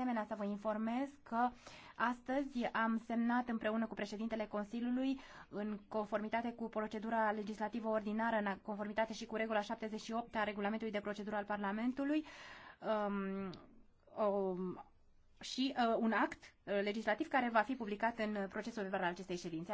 asemenea să vă informez că astăzi am semnat împreună cu președintele Consiliului, în conformitate cu procedura legislativă ordinară, în conformitate și cu regula 78 a regulamentului de procedură al Parlamentului, um, um, și uh, un act uh, legislativ care va fi publicat în procesul verbal al acestei ședințe.